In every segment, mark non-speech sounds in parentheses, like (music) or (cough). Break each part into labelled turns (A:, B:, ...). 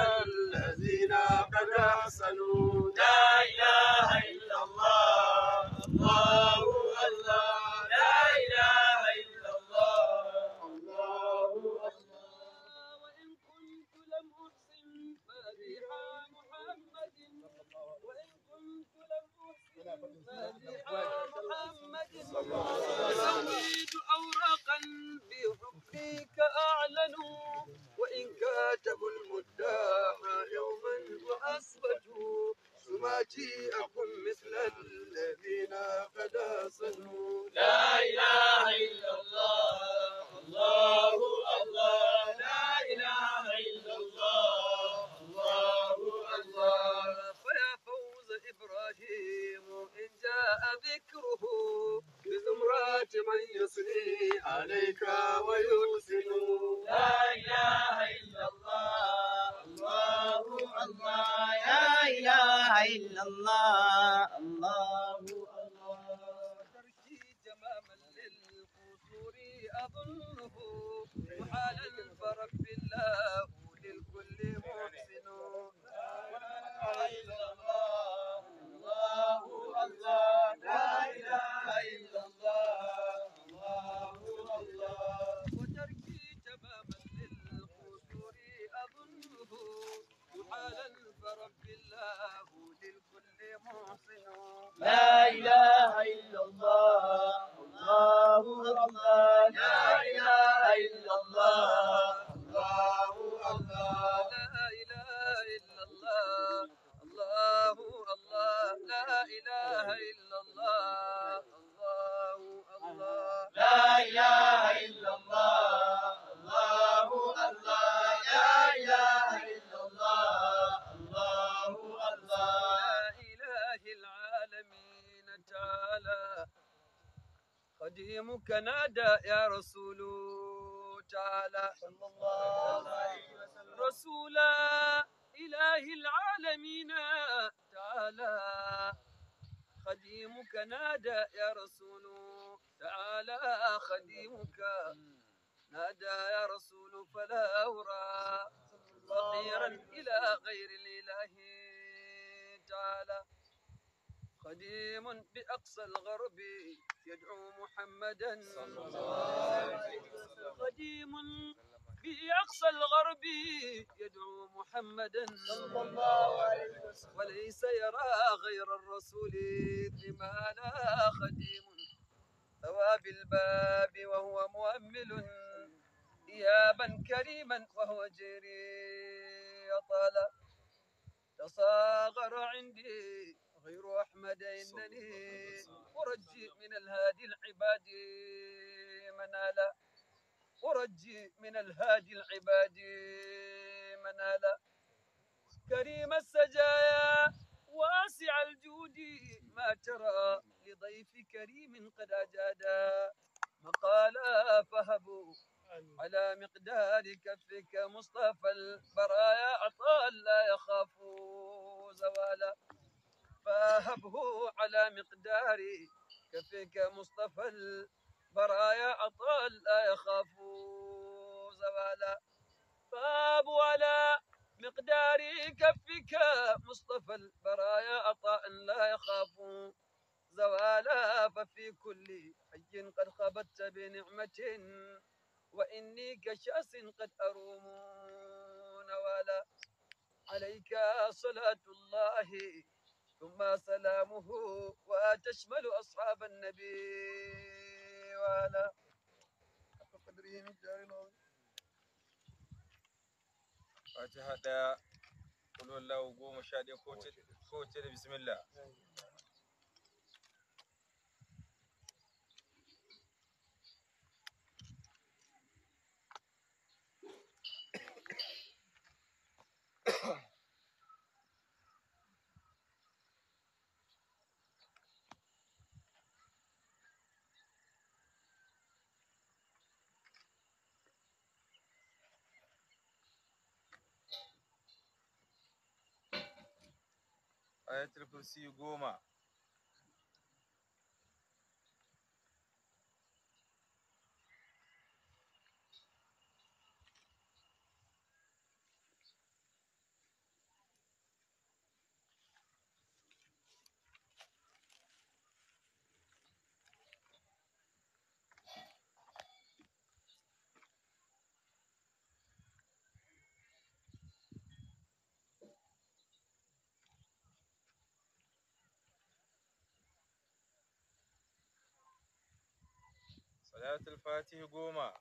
A: الذين قد
B: أحسنوا
A: لا إله وحال الفرج بالله نادى يا رسول تعالى خديمك نادى يا رسول فلا أورى فقيرا إلى غير الإله تعالى قديم بأقصى الغرب يدعو محمدا صلى الله عليه وسلم قديم في أقصى الغرب يدعو محمدا صلى الله عليه وسلم وليس يرى غير الرسول لما لا خديم ثواب بالباب وهو مؤمل إيابا كريما وهو جري طال تصاغر عندي غير أحمد إنني أرجي من الهادي العباد منالا ورجي من الهادي العباد من كريم السجايا واسع الجود ما ترى لضيف كريم قد أجادا مقالا فهبوا على مقدار كفك مصطفى البرايا عطاء لا يخاف زوالا فهبه على مقدار كفك مصطفى برايا أطال لا يخافوا زوالا باب ولا مقداري كفك مصطفى البرايا أطاء لا يخافوا زوالا ففي كل حي قد خبت بنعمة وإني كشاس قد أروم نوالا عليك صلاة الله ثم سلامه وتشمل أصحاب النبي وعلا حق قدره من جار العظيم
C: فاتحة قلوا الله وقوم شادي كوتل بسم الله أيوة. a ya tarfi goma الفاتح قوما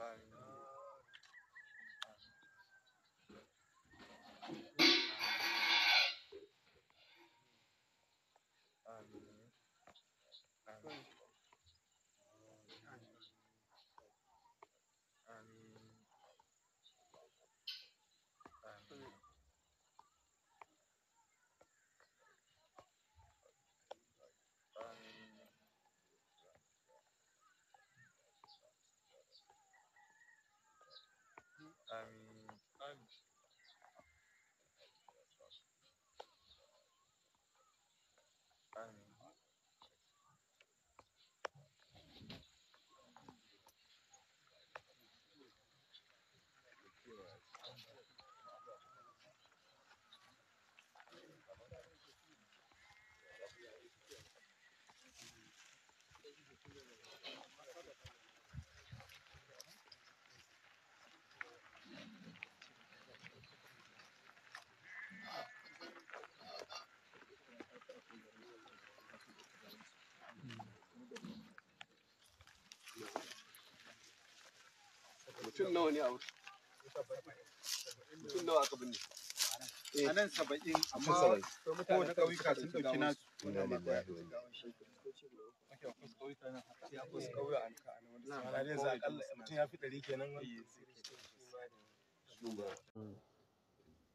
C: parang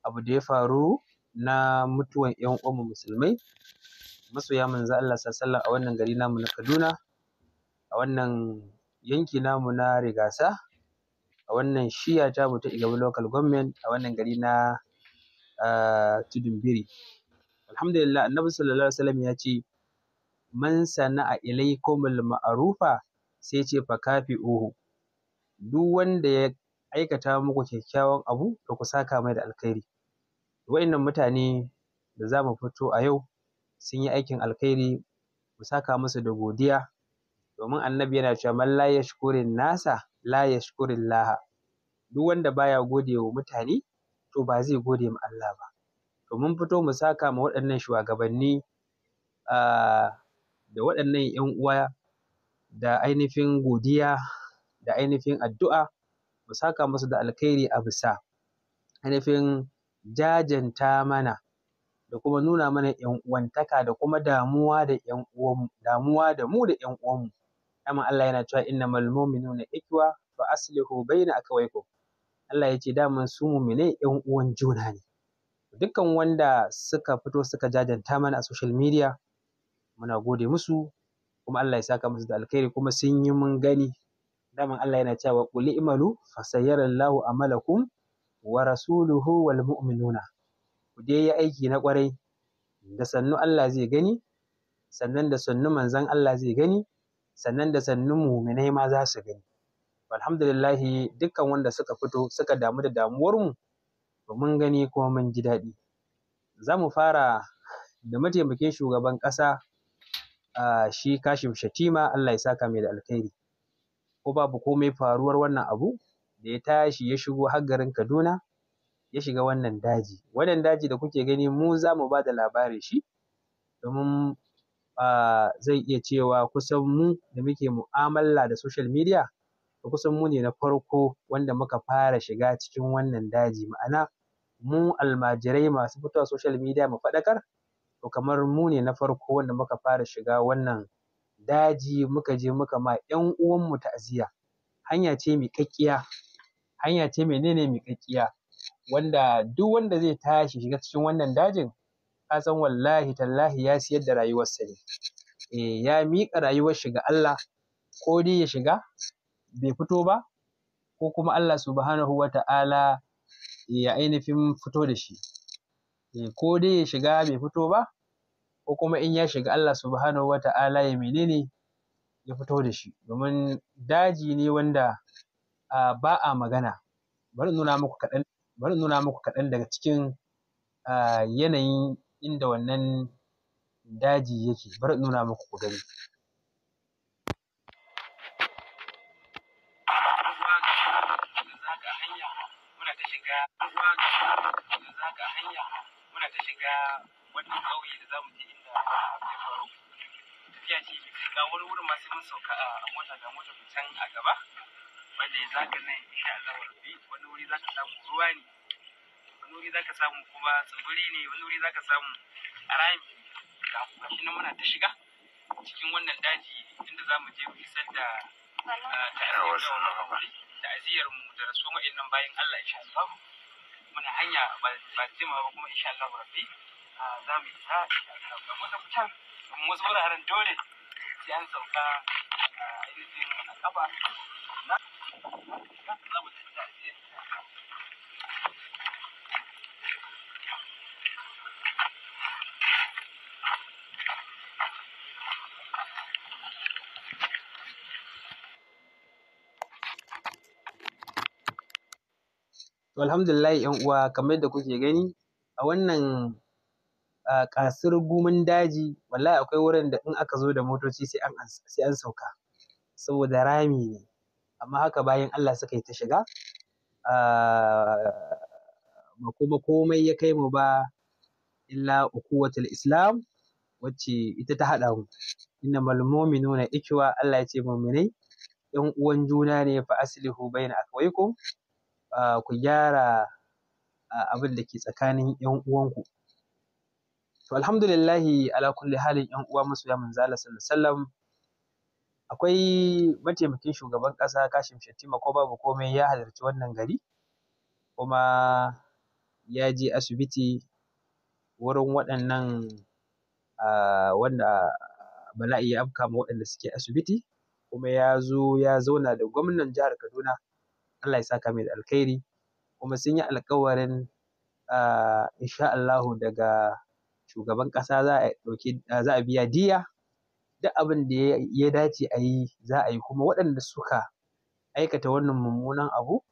C: abu da ya faru na mutuwan yan uwanmu musulmai masoya manzo Allah sallallahu a wannan gari namu na Kaduna a wannan yanki namu na Rigasa wannan shiya ta mu ta Igaba local government a wannan gari na ah, Tudun Biri. Alhamdulillah Annabi sallallahu alaihi wasallam ya ce man sana'a ilaikumul ma'rufa sai ce fakafi uhu duk wanda ya aikata muku kyakkyawan abu to ku saka mai da alkhairi wa'annan mutane da za mu fito a yau sun yi aikin alkhairi mu saka musu da godiya domin annabi yana cewa man la yashkurin nasa la yashkurillaha laha duk wanda baya gode wa mutane to ba zai gode ma Allah ba to mun fito mu saka ma waɗannan shugabanni da waɗannan ƴan uwa da ainihin godiya da ainihin addu'a mu saka musu da alkhairi a bisa ainihin jajanta mana da kuma nuna mana ƴan uwantaka da kuma damuwa da ‘yan damuwa da mu da ‘yan uwanmu dama Allah yana cewa innamal mu'minuna ikwa fa aslihu baina akhawaykum Allah ya ce daman su mumine ‘yan uwan juna ne. Dukkan wanda suka fito suka jajanta mana a social media muna gode musu kuma Allah ya saka musu da alkhairi kuma sun yi mun gani. Daman Allah yana cewa qul i'malu fasayyarallahu amalakum wa rasuluhu wal mu'minuna. Ku dai yi aiki na kwarai da sannu Allah zai gani sannan da sannu manzon Allah zai gani sannan da sannu muminai ma za su gani. alhamdulillahi dukkan wanda suka fito suka damu da damuwarmu mun gani kuma mun ji daɗi za mu fara da mataimakin shugaban ƙasa shi kashim shatima allah ya saka mai da alkhairi ko babu komai faruwar wannan abu da ya tashi ya shigo har garin kaduna ya shiga wannan daji wannan daji da kuke gani mu za mu ba da labarin shi domin zai iya cewa kusan mu da muke mu'amala da social media da kusan mu ne na farko wanda muka fara shiga cikin wannan daji ma'ana mu almajirai masu fitowa social media mu faɗakar to kamar mu ne na farko wanda muka fara shiga wannan daji muka je muka ma 'yan uwanmu ta'aziyya hanya ce miƙaƙƙiya hanya ce menene miƙaƙƙiya wanda duk wanda zai tashi shiga cikin wannan dajin ka san wallahi tallahi ya siyar da rayuwarsa ne eh ya miƙa rayuwar shi ga Allah ko dai ya shiga bai fito ba ko kuma Allah subhanahu wa ta'ala ya ainihin fito da shi eh, ko dai ya shiga bai fito ba ko kuma in ya shiga Allah subhanahu wa ta'ala ya menene ya fito da shi domin daji ne wanda ba a magana bari nuna muku kaɗan daga cikin yanayin inda wannan daji yake bari nuna muku ku gani ta wannan kauye da zamu je inda
B: abu ya faru
C: tafiya ce ga wani wurin masu mun sauka a mota ga mota can a gaba wanda ya zaka nan insha Allah rabbi wani wuri zaka samu ruwa ne wani wuri zaka samu kuma tsibiri ne wani wuri zaka samu rami ga gashi nan muna ta shiga cikin wannan daji inda za mu je mu isar da ah, ta'aziyar mu da rasuwan wa'annan bayan Allah insha Allah muna hanya ba jima ba kuma insha Allah rabbi za mu yi ta wata kutan domin wasu wuraren dole sai an sauka
B: ainihin a kaba na za mu tafi
C: alhamdulillah yan uwa kamar yadda kuke gani a wannan kasir gumin daji wallahi akwai wurin da in aka zo da motoci sai an sai an sauka saboda rami ne amma haka bayan Allah suka yi ta shiga ba kuma komai ya kai mu ba illa ukuwatul islam wacce ita ta haɗa mu inna malmuminuna ikwa Allah ya ce muminai yan uwan juna ne fa aslihu baina akwaikum ku gyara abin da ke tsakanin yan uwanku to alhamdulillahi ala kulli halin yan uwa masoya mun zala sallallahu akwai mataimakin shugaban ƙasa Kashim Shettima ko babu komai ya halarci wannan gari kuma ya je asibiti wurin waɗannan wanda bala'i ya afka ma waɗanda suke asibiti kuma ya zo ya zauna da gwamnan jihar Kaduna Allah ya saka mai da alkhairi kuma sun yi alkawarin insha Allahu daga shugaban ƙasa za a biya diyya, duk abin da ya dace a yi za a yi kuma waɗanda suka aikata wannan mummunan abu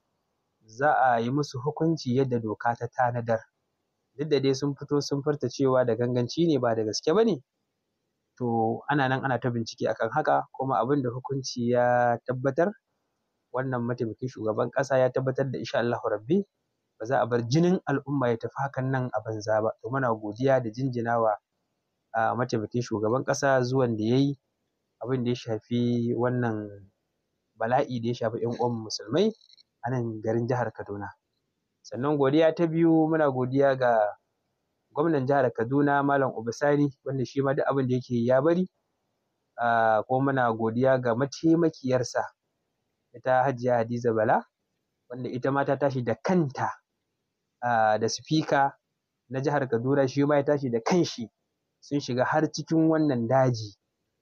C: za a yi musu hukunci yadda doka ta tanadar duk da dai sun fito sun furta cewa da ganganci ne ba da gaske ba ne to ana nan ana ta bincike akan haka kuma abin da hukunci ya tabbatar wannan mataimakin shugaban ƙasa ya tabbatar da insha Allahu rabbi ba za a bar jinin al'umma ya tafi hakan nan a banza ba to muna godiya da jinjinawa a mataimakin shugaban ƙasa zuwan da ya yi abin da ya shafi wannan bala'i da ya shafi 'yan uwan musulmai a nan garin jihar Kaduna sannan godiya ta biyu muna godiya ga gwamnan jihar Kaduna Malam Obasani wanda shi ma duk abin da yake ya bari ko muna godiya ga mataimakiyarsa ita Hajiya Hadiza Bala wanda ita ma ta tashi da kanta Ah, da sifika na jihar Kaduna shi ma ya tashi da kanshi sun shiga har cikin wannan daji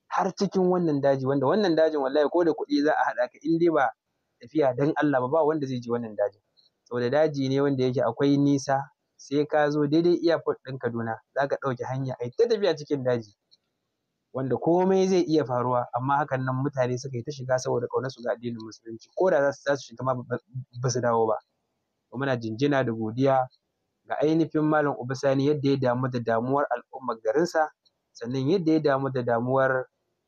C: har cikin wannan daji wanda wannan dajin wallahi ko da kuɗi za a haɗa ka in dai ba tafiya dan Allah ba ba wanda zai je wannan dajin saboda daji ne wanda yake akwai nisa sai ka zo daidai iya airport ɗin Kaduna za ka ɗauki hanya ai ta tafiya cikin daji wanda komai zai iya faruwa amma hakan nan mutane suka yi ta shiga saboda ƙaunar su ga addinin musulunci ko da za su shiga ma ba su dawo ba muna jinjina da godiya ga ainihin malam Uba Sani yadda ya damu da damuwar al'ummar garinsa sannan yadda ya damu da damuwar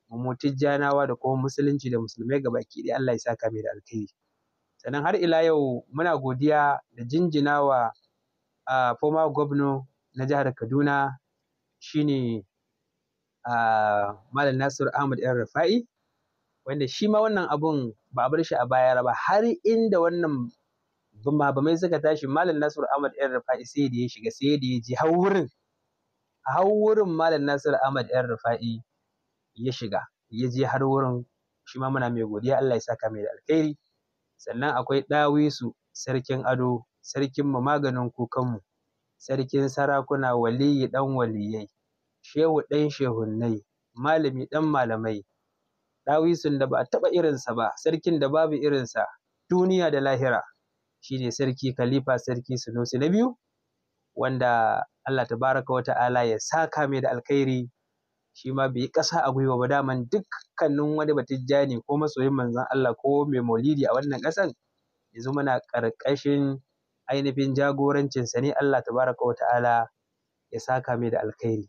C: mu tijjanawa da kuma musulunci da musulmai ki ɗaya Allah ya saka mai da alkhairi sannan har ila yau muna godiya da jinjinawa a former governor na jihar Kaduna shine a Malam Nasir Ahmad ‘yan Rufa'i, wanda shi ma wannan abun ba a bar shi a baya ba har inda wannan mai suka tashi malam Nasiru Ahmad yan Rufa'i sai da ya shiga sai da ya je wurin a wurin malam Nasiru Ahmad yan Rufa'i ya shiga ya je har wurin shi ma muna mai godiya Allah ya saka mai da alkhairi sannan akwai ɗawisu sarkin ado sarkin mu maganin kukanmu sarkin sarakuna waliyi ɗan waliyai shehu ɗan shehunai malami ɗan malamai ɗawisun da ba a taɓa irinsa ba sarkin da babu irinsa duniya da lahira shine sarki khalifa sarki sunusi na biyu wanda Allah tabaraka wa ta'ala ya saka mai da alkhairi shi ma bai ƙasa a gwiwa ba daman dukkanin wani batijjani ko masoyin manzon Allah ko mai maulidi a wannan ƙasan yanzu muna ƙarƙashin ainihin jagorancin sa ne Allah tabaraka wa ta'ala ya saka mai da alkhairi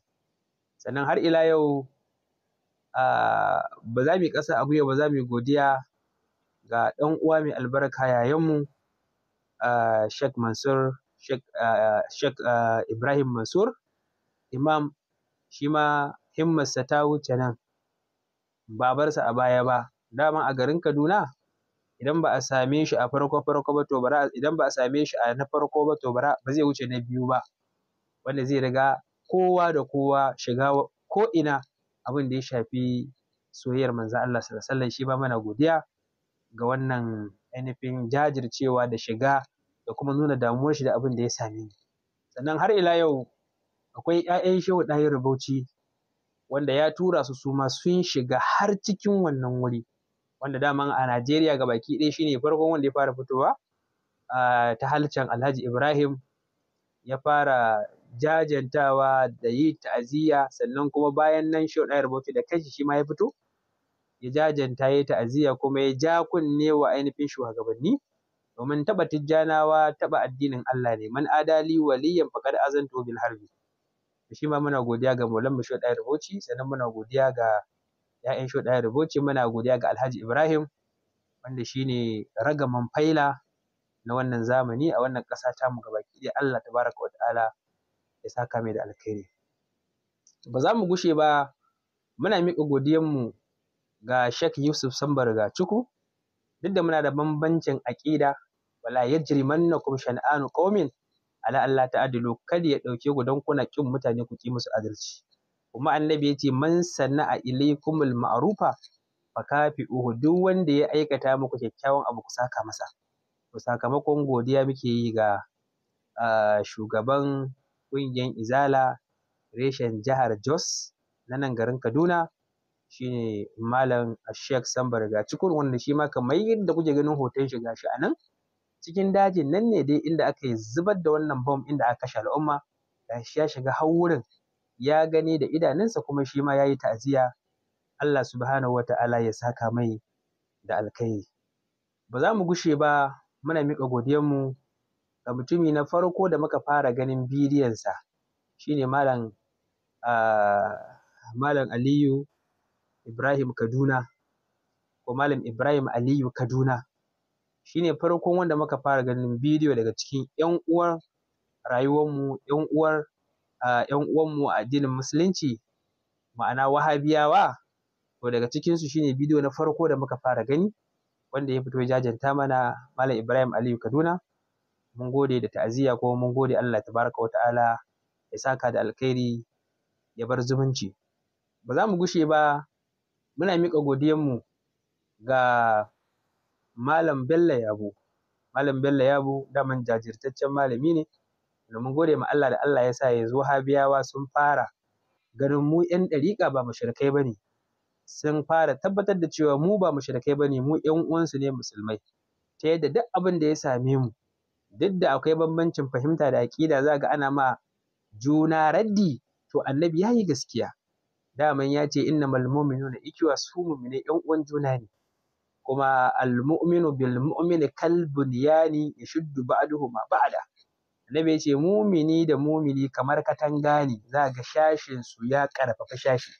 C: sannan har ila yau ba za mu ƙasa a gwiwa ba za mu godiya ga ɗan uwa mai albarka yayanmu Sheikh Mansur Sheikh Ibrahim Mansur Imam shi ma himmarsa ta wuce nan babarsa a baya ba dama a garin Kaduna idan ba a same shi a farko farko ba to bara idan ba a same shi a na farko ba to bara ba zai wuce na biyu ba wanda zai riga kowa da kowa shiga ko ina abin da ya shafi soyayyar manzon Allah sallallahu alaihi wasallam shi ba mana godiya ga wannan ainihin jajircewa da shiga da kuma nuna damuwar shi da abin da ya same ni sannan har ila yau akwai ƴaƴan Shehu Ɗahiru Bauchi wanda ya tura su su ma sun shiga har cikin wannan wuri wanda dama a Najeriya ga baki ɗaya shine farkon wanda ya fara fitowa ta halcan Alhaji Ibrahim ya fara jajantawa da yi ta'aziyya sannan kuma bayan nan Shehu Ɗahiru Bauchi da kanshi shi ma ya fito ya jajanta ya ta'aziyya kuma ya ja kunne wa ainihin shugabanni domin taɓa tijjanawa taɓa addinin Allah ne man adali waliyan faqad azantu bil harbi shi ma muna godiya ga Maulana Bashir Dai Rubuci sannan muna godiya ga ‘ya'yan Bashir Dai Rubuci muna godiya ga Alhaji Ibrahim wanda shine ragaman faila na wannan zamani a wannan ƙasa ta mu gabaki ɗaya Allah tabaraka wa ta'ala ya saka mai da alkhairi ba za mu gushe ba muna miƙa mu. ga Sheikh Yusuf ga Cuku duk da muna da bambancin aƙida wala kuma shan'anu qaumin ala Allah ta'adilu kada ya dauke ku don kuna kin mutane ku ƙi musu adalci kuma annabi yace man sana'a ilaykumul ma'rufa uhu, duk wanda ya aikata muku kyakkyawan abu ku saka masa to sakamakon godiya muke yi ga shugaban ƙungiyar Izala reshen jihar Jos na nan garin Kaduna shine malam Sheikh Sambar Gacikur wanda shi ma kamar yadda kuke ganin hoton shi gashi a nan cikin dajin nan ne dai inda aka yi zubar da wannan bom inda aka kashe al'umma gashi ya shiga har wurin ya gani da idanunsa kuma shi ma ya yi ta'aziyya Allah subhanahu wata'ala ya saka mai da alkai ba za mu gushe ba muna miƙa mu ga mutumi na farko da muka fara ganin sa shine malam ah, malam Aliyu Ibrahim Kaduna ko Malam Ibrahim Aliyu Kaduna shine farkon wanda muka fara ganin bidiyo daga cikin ‘yan uwar rayuwarmu ‘yan uwar ‘yan uwanmu a addinin musulunci ma'ana wahabiyawa to daga cikinsu shine bidiyo na farko da muka fara gani wanda ya fito jajanta mana Malam Ibrahim Aliyu Kaduna mun gode da ta'aziyya kuma mun gode Allah tabaraka wa ta'ala ya saka da alkhairi ya bar zumunci ba za mu gushe ba muna miƙa godiyanmu ga Malam Bello Yabo. Malam Bello Yabo daman jajirtaccen malami ne, domin gode ma Allah da Allah ya sa yanzu Wahabiyawa sun fara ganin mu 'yan ɗariƙa ba mushrikai ba ne. Sun fara tabbatar da cewa mu ba mushrikai ba ne, mu 'yan uwansu ne musulmai. Ta yadda duk abin da ya same mu, duk da akwai bambancin fahimta da aƙida za ga ana ma juna raddi, to annabi ya yi gaskiya. daman ya ce innamal na ikiwa su mu'mine ƴan uwan juna ne kuma almu'minu bil mu'mini kal bunyani yashuddu ma ba'da annabi ya ce mumini da mumini kamar katanga ne za ga shashin su ya karfafa shashi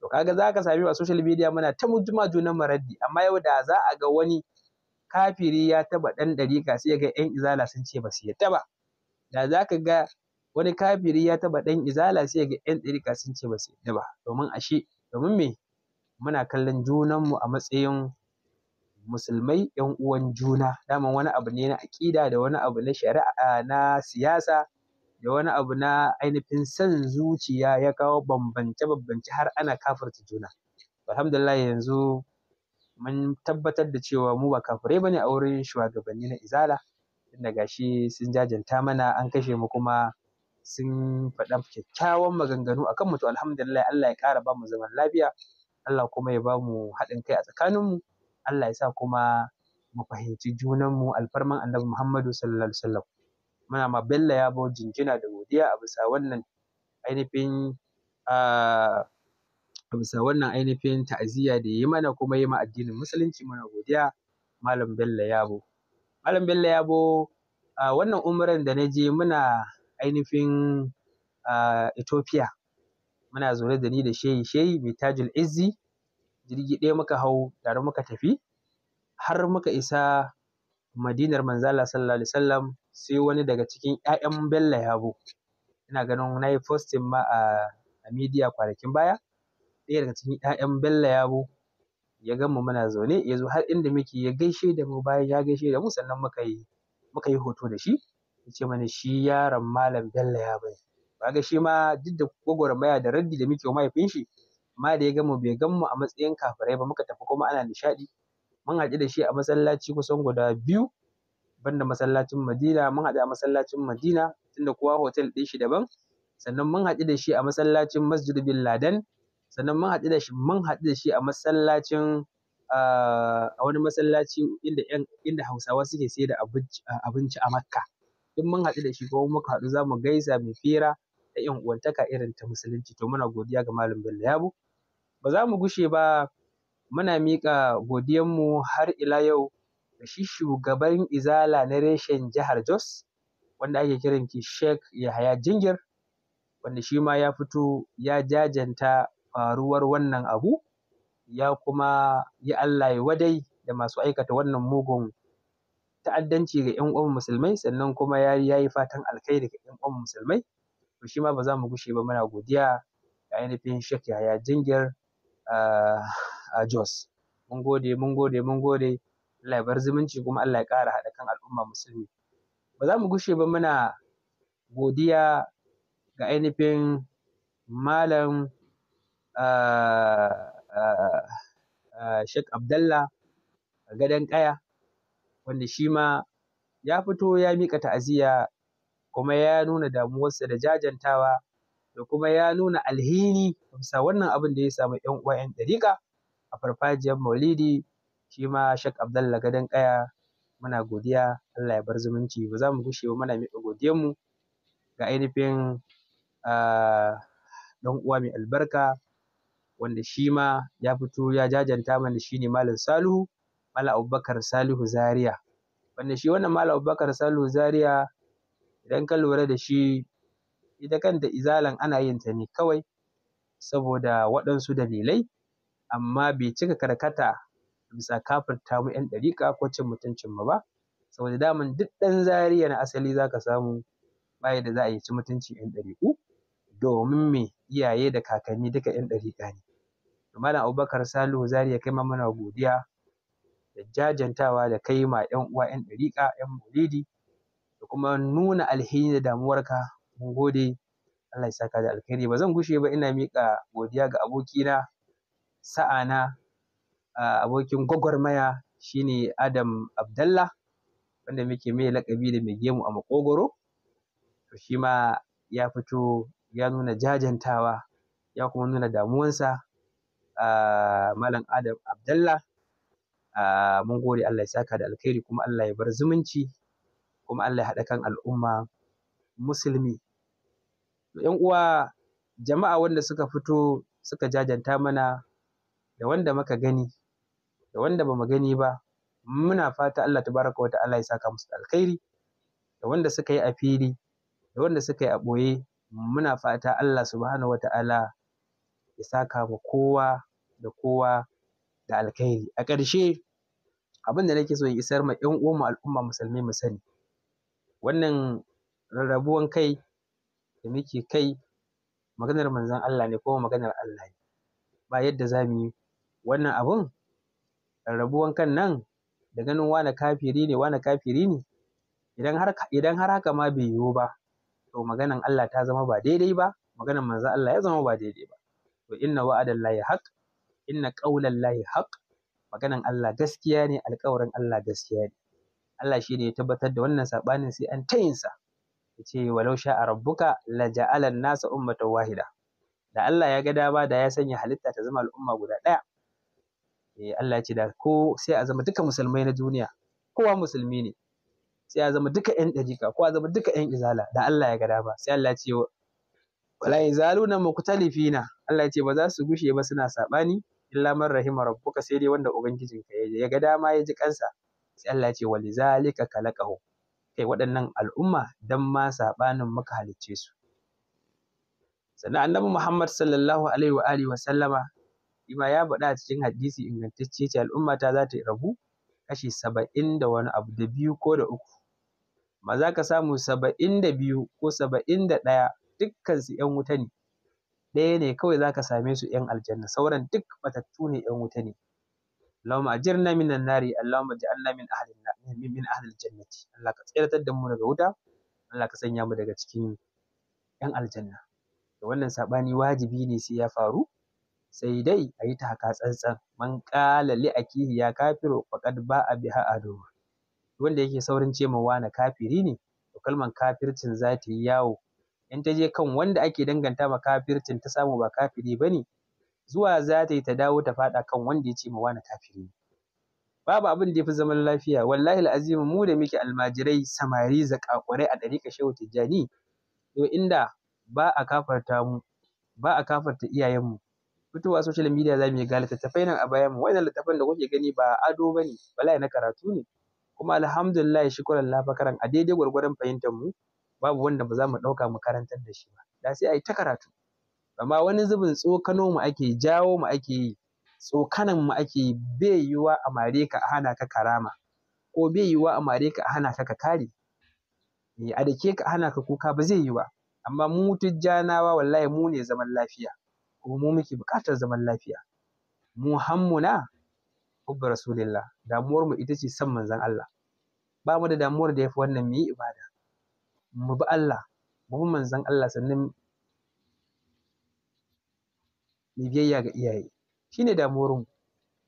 C: to kaga za ka sami a social media muna ta mujuma junan maraddi amma yau da za a ga wani kafiri ya taba dan dariƙa sai ga yan izala sun ce ba su yadda ba da za ka ga wani kafiri ya taɓa ɗan izala sai ga ‘yan ɗarika sun ce ba su yadda ba domin ashe domin me muna kallon junanmu a matsayin musulmai ‘yan uwan juna daman wani abu ne na aƙida da wani abu na shari'a na siyasa da wani abu na ainihin son zuciya ya kawo bambance bambance har ana kafirta juna alhamdulillah yanzu mun tabbatar da cewa mu ba kafirai bane a wurin shugabanni na izala tunda gashi sun jajanta mana an kashe mu kuma sun faɗa kyakkyawan maganganu akan mu to alhamdulillah Allah ya ƙara bamu zaman lafiya Allah kuma ya bamu haɗin kai a tsakaninmu Allah ya sa kuma mu fahimci junanmu alfarman annabi Muhammadu sallallahu alaihi wasallam muna ma Bello ya bo jinjina da godiya a bisa wannan ainihin a bisa wannan ainihin ta'aziyya da ya yi mana kuma yi ma addinin musulunci muna godiya malam bello yabo malam bello yabo a wannan umran da na je muna ainihin Ethiopia muna zaune da ni da shehi shehi mai tajul izzi jirgi ɗaya muka hau tare muka tafi har muka isa madinar manzala sallallahu alaihi wasallam sai wani daga cikin 'ya'yan bello yabo ina ganin na yi posting ma a a media kwanakin baya ɗaya daga cikin 'ya'yan bello yabo ya gama mu muna zaune ya zo har inda muke ya gaishe da mu bayan ya gaishe da mu sannan muka yi muka yi hoto da shi ya ce mana shi yaron malam bello ya bai kaga shi ma duk da gwagwarmaya da raddi da muke wa mahaifin shi Ma da ya gamu bai gamu a matsayin kafirai ba muka tafi kuma ana nishaɗi mun haɗu da shi a masallaci kusan guda biyu banda masallacin madina mun haɗu a masallacin madina tunda kowa hotel ɗin shi daban sannan mun haɗu da shi a masallacin masjid bin laden sannan mun haɗu da shi mun haɗu da shi a masallacin a wani masallaci inda inda hausawa suke sai da abinci a makka in mun haɗu da shi ko muka haɗu za mu gaisa mu fira da yan uwantaka irin ta musulunci to muna godiya ga malam bello yabo ba za mu gushe ba muna miƙa godiyanmu har ila yau da shi shugaban izala na reshen jihar jos wanda ake kiran ki sheikh yahaya jingir wanda shi ma ya fito ya jajanta faruwar wannan abu ya kuma yi allah ya wadai da masu aikata wannan mugun ta'addanci ga ‘yan uwan musulmai sannan kuma ya yi fatan alkhairi ga ‘yan uwan musulmai to shi ma ba za mu gushe ba muna godiya ga ainihin shek Yahaya Jingir ah, a Jos mun gode mun gode mun gode Allah ya bar zumunci kuma Allah ya ƙara haɗa kan al'umma musulmi ba za mu gushe ba muna godiya ga ainihin malam ah, ah, shek Abdallah gadon ƙaya wanda shi ma ya fito ya miƙa ta'aziyya kuma ya nuna damuwarsa da jajantawa da kuma ya nuna alhini bisa wannan abin da ya samu ‘yan uwa ‘yan ɗariƙa a farfajiyar maulidi shi ma shak abdalla gadon ƙaya muna godiya allah ya bar zumunci ba za mu gushe ba muna miƙa godiyarmu ga ainihin ɗan uwa mai albarka wanda shi ma ya fito ya jajanta mana shi ne malam salihu Malam Abubakar Salihu Zaria wanda shi wannan Malam Abubakar Salihu Zaria idan ka lura da shi ita kanta izalan ana yin ta ne kawai saboda waɗansu dalilai amma bai cika karkata bisa kafirta mu 'yan ɗariƙa ko cin mutuncin mu ba saboda daman duk ɗan Zariya na asali zaka samu baya da za a yi ci mutuncin 'yan ɗariƙu domin me iyaye da kakanni duka 'yan ɗariƙa ne. Malam Abubakar Salihu Zaria kai ma muna godiya jajantawa da kai ma ‘yan uwa ‘yan ɗariƙa ‘yan maulidi da kuma nuna alheri da damuwarka mun gode Allah ya saka da alheri ba zan gushe ba ina miƙa godiya ga abokina sa'a sa'ana abokin gwagwarmaya shine Adam Abdallah wanda muke mai laƙabi da mai gemu a makogoro to shi ma ya fito ya nuna jajantawa ya kuma nuna damuwansa Malam Adam Abdallah mun gode Allah ya saka da alkhairi kuma Allah ya bar zumunci kuma Allah ya haɗa kan al'umma musulmi yan uwa jama'a wanda suka fito suka jajanta mana da wanda muka gani da wanda mu gani ba muna fata Allah tabaraka Allah ya saka musu alkhairi da wanda suka yi a fili da wanda suka yi a ɓoye muna fata Allah subhanahu ta’ala ya saka ma kowa da kowa da alkhairi a ƙarshe abin da nake so in isar ma ƴan uwanmu al'umma musulmai mu sani wannan rarrabuwan kai da muke kai maganar manzon Allah ne ko maganar Allah ne ba yadda za mu yi wannan abun rarrabuwan kan nan da ganin wane kafiri ne wane kafiri ne idan har idan har haka ma bai yiwu ba to maganan Allah ta zama ba daidai ba maganan manzon Allah ya zama ba daidai ba to inna wa'adallahi haqq inna qaulan lahi haqq maganan Allah gaskiya ne alƙawarin Allah gaskiya ne Allah shine ya tabbatar da wannan saɓanin sai an tayinsa sa yace walau sha'a rabbuka la ja'alan nasa ummatan wahida da Allah ya ga dama da ya sanya halitta ta zama al'umma guda ɗaya eh Allah ya ce da ko sai a zama duka musulmai na duniya kowa musulmi ne sai a zama duka ƴan ɗariƙa ko a zama duka ƴan izala da Allah ya ga dama sai Allah ya ce wala izaluna muktalifina Allah ya ce ba za su gushe ba suna saɓani illa man rahima rabbuka sai dai wanda ka ya ga dama ya ji kansa sai Allah ya ce walizalika khalaqahu kai waɗannan al'umma dan ma sabanin muka halicce su sannan annabi Muhammad sallallahu alaihi wa alihi wa sallama ima ya faɗa a cikin hadisi ingantacce ce al'umma ta za ta rabu kashi saba'in da wani abu da biyu ko da uku ma za ka samu saba'in da biyu ko saba'in da ɗaya dukkansu ‘yan wuta ne ɗaya ne kawai za ka same su ‘yan aljanna sauran duk matattu ne ‘yan wuta ne Allahumma ajirna minan nari Allahumma ja'alna min min ahli jannati Allah ka tsiratar da mu daga wuta Allah ka sanya mu daga cikin ‘yan aljanna da wannan saɓani wajibi ne sai ya faru sai dai a yi ta haka tsantsan man ƙala li akihi ya ba faqad ba'a biha adu wanda yake saurin ce ma wani kafiri ne to kalmar kafircin za ta yi yawo in ta je kan wanda ake danganta ma kafircin ta samu ba kafiri ba ne zuwa za ta yi ta dawo ta faɗa kan wanda ya ce ma wani kafiri babu abin da ya fi zaman lafiya wallahi azimin mu da muke almajirai samari zakakurai a ɗariƙa shehu tijjani to inda ba a kafarta mu ba a kafarta iyayenmu fitowa social media za mu yi ga littattafai nan a bayan mu wannan littattafan da kuke gani ba ado ba ne wallahi na karatu ne kuma alhamdulillah shukuran lafakaran a daidai gwargwadon fahimtar mu babu wanda ba za mu ɗauka mu karantar da shi ba da sai a yi ta karatu amma wani zubin tsokano mu ake jawo mu ake yi tsokanan mu ake yi bai yiwuwa a mare ka a hana ka karama ko bai yiwuwa a mare ka a hana ka ka kare eh, a dake ka a hana ka kuka ba zai yi ba amma mu tijjanawa wallahi mu ne zaman lafiya kuma mu muke buƙatar zaman lafiya mu hammuna hubbu rasulillah damuwar mu ita ce san manzon Allah ba mu da damuwar da yafi wannan mu yi ibada mu bi Allah mu bi manzon Allah sannan mu biyayya ga iyaye shine damuwar mu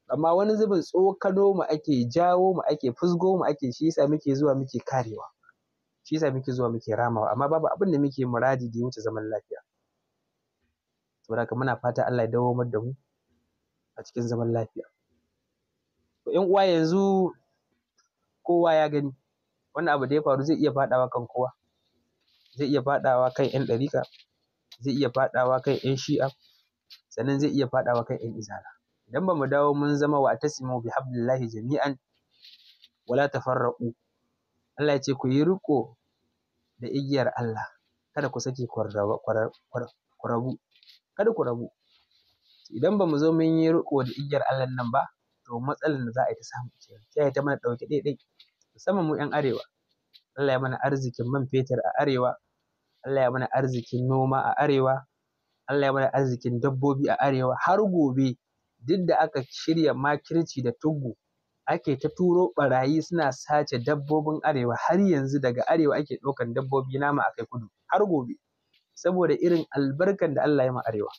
C: amma wani zubin tsokano mu ake jawo mu ake fusgo mu ake shi yasa muke zuwa muke karewa shi yasa muke zuwa muke ramawa amma babu abin da muke muradi da ya wuce zaman lafiya saboda ka muna fata Allah ya dawo da mu a cikin zaman lafiya to ƴan uwa yanzu kowa ya gani wannan abu da ya faru zai iya faɗawa kan kowa zai iya faɗawa kan 'yan ɗariƙa zai iya faɗawa kan 'yan shi'a sannan zai iya faɗawa kan 'yan izara. idan ba mu dawo mun zama wa atasimu bi hablillahi jami'an wala tafarraqu Allah ya ce ku yi riko da igiyar Allah kada ku sake rabu, kada ku rabu idan ba mu zo mun yi riko da igiyar Allah nan ba to matsalar da za a yi ta samu kenan sai ta mana ɗauke ɗai-ɗai, musamman mu 'yan arewa Allah ya mana arzikin man fetur a arewa Allah ya mana arzikin noma a arewa Allah ya mana arzikin dabbobi a arewa har gobe duk da aka shirya makirci da tugu ake ta turo barayi suna sace dabbobin arewa har yanzu daga arewa ake ɗaukan dabbobi nama a kai kudu har gobe saboda irin albarkan da Allah ya ma arewa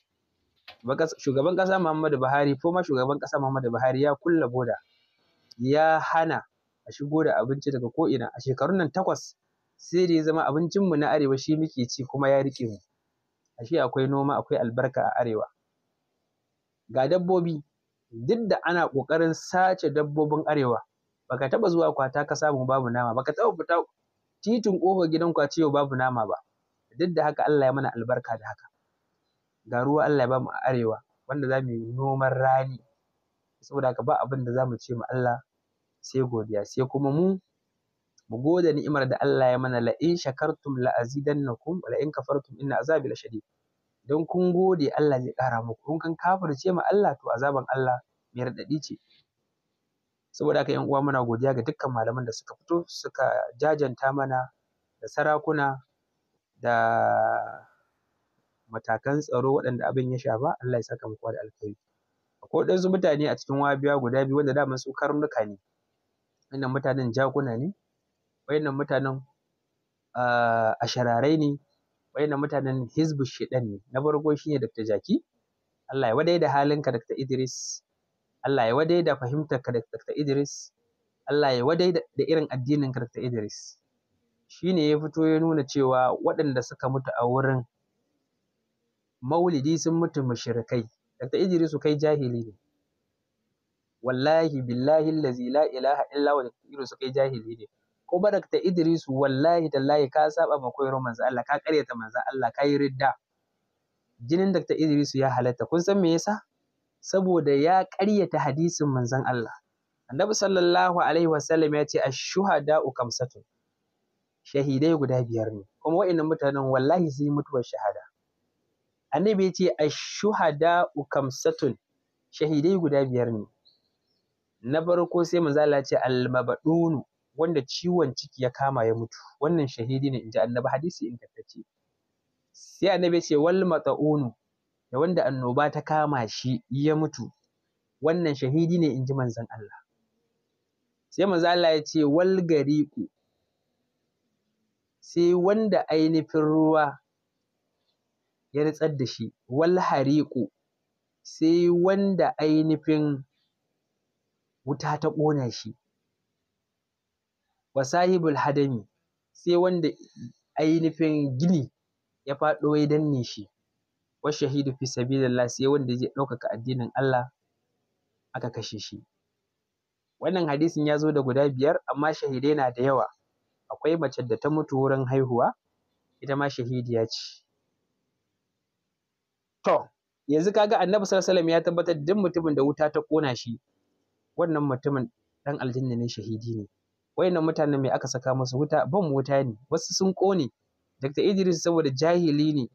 C: shugaban ƙasa Muhammadu Buhari ko shugaban ƙasa Muhammadu Buhari ya kulla boda ya hana a shigo da abinci daga ko'ina a shekarun nan takwas sai da ya zama abincinmu na arewa shi muke ci kuma ya riƙe mu ashe akwai noma akwai albarka a arewa ga dabbobi duk da ana ƙoƙarin sace dabbobin arewa baka taɓa zuwa kwata ka samu babu nama baka taɓa fita titin ƙofar gidan kwace yau babu nama ba duk da haka Allah ya mana albarka da haka ga ruwa Allah ya bamu a arewa wanda za mu yi noman rani saboda haka ba abin da za mu ce ma Allah sai godiya sai kuma mu mu gode ni'imar da Allah ya mana la in shakartum la azidannakum wa la in kafartum inna azabi la shadid don kun gode Allah zai kara muku kun kan kafirce ma Allah to azaban Allah mai raɗaɗi ce saboda haka ƴan uwa muna godiya ga dukkan malaman da suka fito suka jajanta mana da sarakuna da matakan tsaro waɗanda abin ya shafa Allah ya saka muku da alkhairi akwai waɗansu mutane a cikin wabiya guda biyu wanda daman su karnuka ne wa'innan mutanen jakuna ne wa'innan mutanen a shararai ne wa'innan mutanen hizbu shedan ne na farko shine Dr. Jaki Allah ya wadai da halinka Dr. Idris Allah ya wadai da fahimtarka Dr. Idris Allah ya wadai da irin addininka Dr. Idris shine ya fito ya nuna cewa waɗanda suka mutu a wurin maulidi sun mutu mushrikai Dr. Idris kai jahili ne wallahi billahi allazi la ilaha illa wa irin su kai jahili ne ko barakta idris wallahi tallahi ka saba ma koyarwar manzo Allah ka karyata manzo Allah ka yi ridda jinin Dr. Idris ya halatta kun san me yasa saboda ya karyata hadisin manzon Allah annabi sallallahu alaihi wasallam ya ce ash-shuhada'u shahidai guda biyar ne kuma wa'annan mutanen wallahi sun yi mutuwar shahada annabi ya ce ash-shuhada'u shahidai guda biyar ne na farko sai manzo ya ce almabadunu wanda ciwon ciki ya kama ya mutu wannan shahidi ne inji annabi hadisi in tattace, sai annabi ya ce wal mata'unu da wanda annoba ta kama shi ya mutu wannan shahidi ne inji manzon Allah sai manzo Allah ya ce wal gariqu sai wanda ainifin ruwa ya ritsar da shi wal hariqu sai wanda ainifin wuta ta ƙona shi wa sahibul hadami sai wanda ainihin gini ya faɗo ya danne shi wa shahidu fi sabilillah sai wanda zai ɗaukaka addinin Allah aka kashe shi wannan hadisin ya zo da guda biyar amma shahidai na da yawa akwai mace da ta mutu wurin haihuwa ita ma shahidiya ce to yanzu kaga annabi sallallahu alaihi wasallam ya tabbatar duk mutumin da wuta ta ƙona shi wannan mutumin ɗan aljanna ne shahidi ne wayannan mutanen me aka saka musu wuta ban wuta ne wasu sun ƙone Dr. Idris saboda jahili ne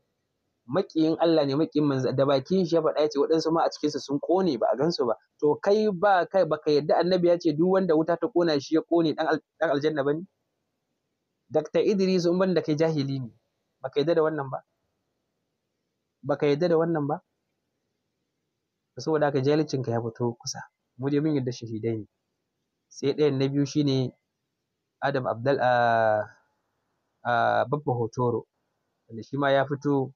C: maƙiyin Allah ne maƙiyin manzo da bakin shi ya faɗa ya ce waɗansu ma a cikin su sun ƙone ba a gansu ba to kai ba kai baka yadda annabi ya ce duk wanda wuta ta ƙona shi ya ƙone ɗan aljanna ba ne Dr. Idris in ban da kai jahili ne baka yadda da wannan ba baka yadda da wannan ba saboda haka jahilcinka ya fito kusa mu dai mun yarda shahidai ne sai ɗayan na biyu shine adam abdal a ah, ah, babba hotoro wanda shi ma ya fito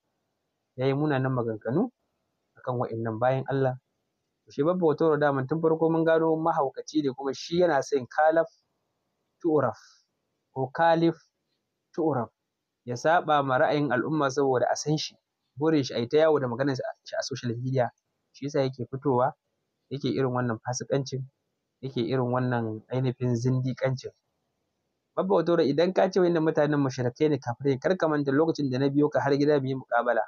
C: ya yi munanan maganganu akan wa'innan bayan Allah shi babba hotoro daman tun farko mun gano mahaukaci ne kuma shi yana san kalaf tu'raf ko kalif tu'raf ya saba ma ra'ayin al'umma saboda a san shi burin shi a yi ta yawo da maganar shi a social media shi yasa yake fitowa yake irin wannan fasikancin yake irin wannan ainihin zindiƙancin babba hotoro idan ka ce wa'innan mutanen mushrikai ne kafirai kar ka manta lokacin da na biyo ka har gida mu yi muƙabala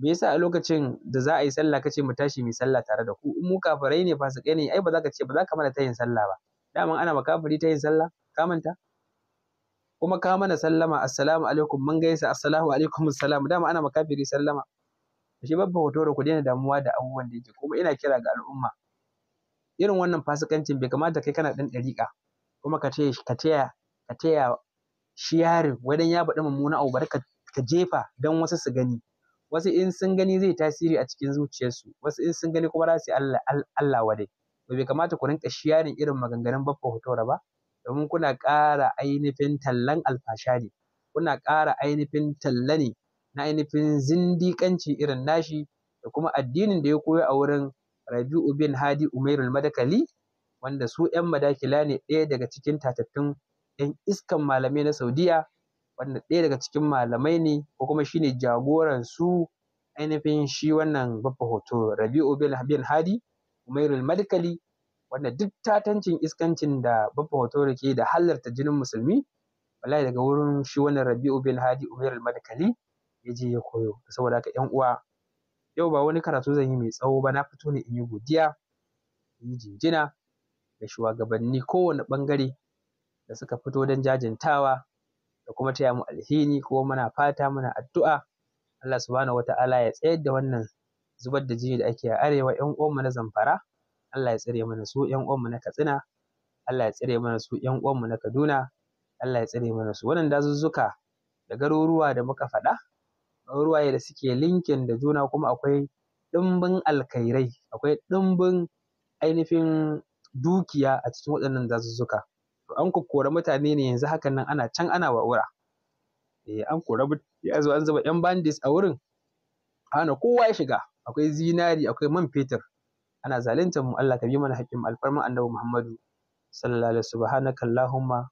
C: me yasa a lokacin da za a yi sallah kace mu tashi mu yi sallah tare da ku in mu kafirai ne fasikai ne ai ba za ka ce ba za ka mana tayin sallah ba daman ana ma kafiri tayin sallah ka manta kuma ka mana sallama assalamu alaikum mun gaisa assalamu alaikum assalam (laughs) dama ana ma kafiri sallama shi babba hotoro ku daina damuwa da abubuwan da yake kuma ina kira ga al'umma irin wannan fasikancin bai kamata kai kana ɗan ɗariƙa kuma ka ce ka taya ka taya shi yarin wadan ya faɗi mummuna abu bari ka jefa don wasu su gani wasu in sun gani zai tasiri a cikin zuciyarsu wasu in sun gani kuma za su yi Allah Allah wadai to bai kamata ku rinka shiyarin irin maganganun babba hotoro ba domin kuna ƙara ainihin tallan alfashari kuna ƙara ainihin talla ne na ainihin zindiƙanci irin nashi da kuma addinin da ya koyo a wurin Rabi'u bin Hadi Umairul Madakali wanda su ‘yan madakila ne ɗaya daga cikin tatattun ‘yan iskan malamai na Saudiyya, wanda ɗaya daga cikin malamai ne ko kuma shine jagoran su ainihin shi wannan babba hoto Rabi'u bin Hadi Umairul Madakali, wanda duk tatancin iskancin da babba hoto da ke da halarta jinin musulmi wallahi daga wurin shi wannan Rabi'u bin Hadi Umairul Madakali. ya je ya koyo saboda haka ƴan uwa yau ba wani karatu zan yi mai tsawo ba na fito ne in yi godiya in yi jinjina ga shugabanni kowane ɓangare da suka fito don jajintawa da kuma taya mu alhini kuma muna fata muna addu'a Allah subhanahu wata'ala ya tsayar da wannan zubar da jini da ake a arewa ƴan uwanmu na Zamfara Allah ya tsare mana su ƴan uwanmu na Katsina Allah ya tsare mana su ƴan uwanmu na Kaduna Allah ya tsare mana su wannan dazuzzuka da garuruwa da muka faɗa ruwaye da suke linkin da juna kuma akwai ɗimbin alkairai akwai ɗimbin ainihin dukiya a cikin waɗannan dazuzzuka to an kokkora mutane ne yanzu hakan nan ana can ana wa'ura eh an kora ya zo an zuba yan bandits a wurin ana kowa ya shiga akwai zinari akwai man fetur ana zaluntar mu Allah ka bi mana haƙƙin alfarman annabi Muhammadu sallallahu alaihi subhanaka allahumma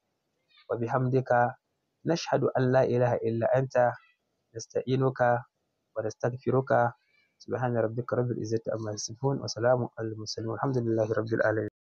C: wa bihamdika nashhadu an la ilaha illa anta nasta'inuka wa nastaghfiruka subhana rabbika rabbil izzati amma yasifun wa salamun alal mursalin walhamdulillahi rabbil alamin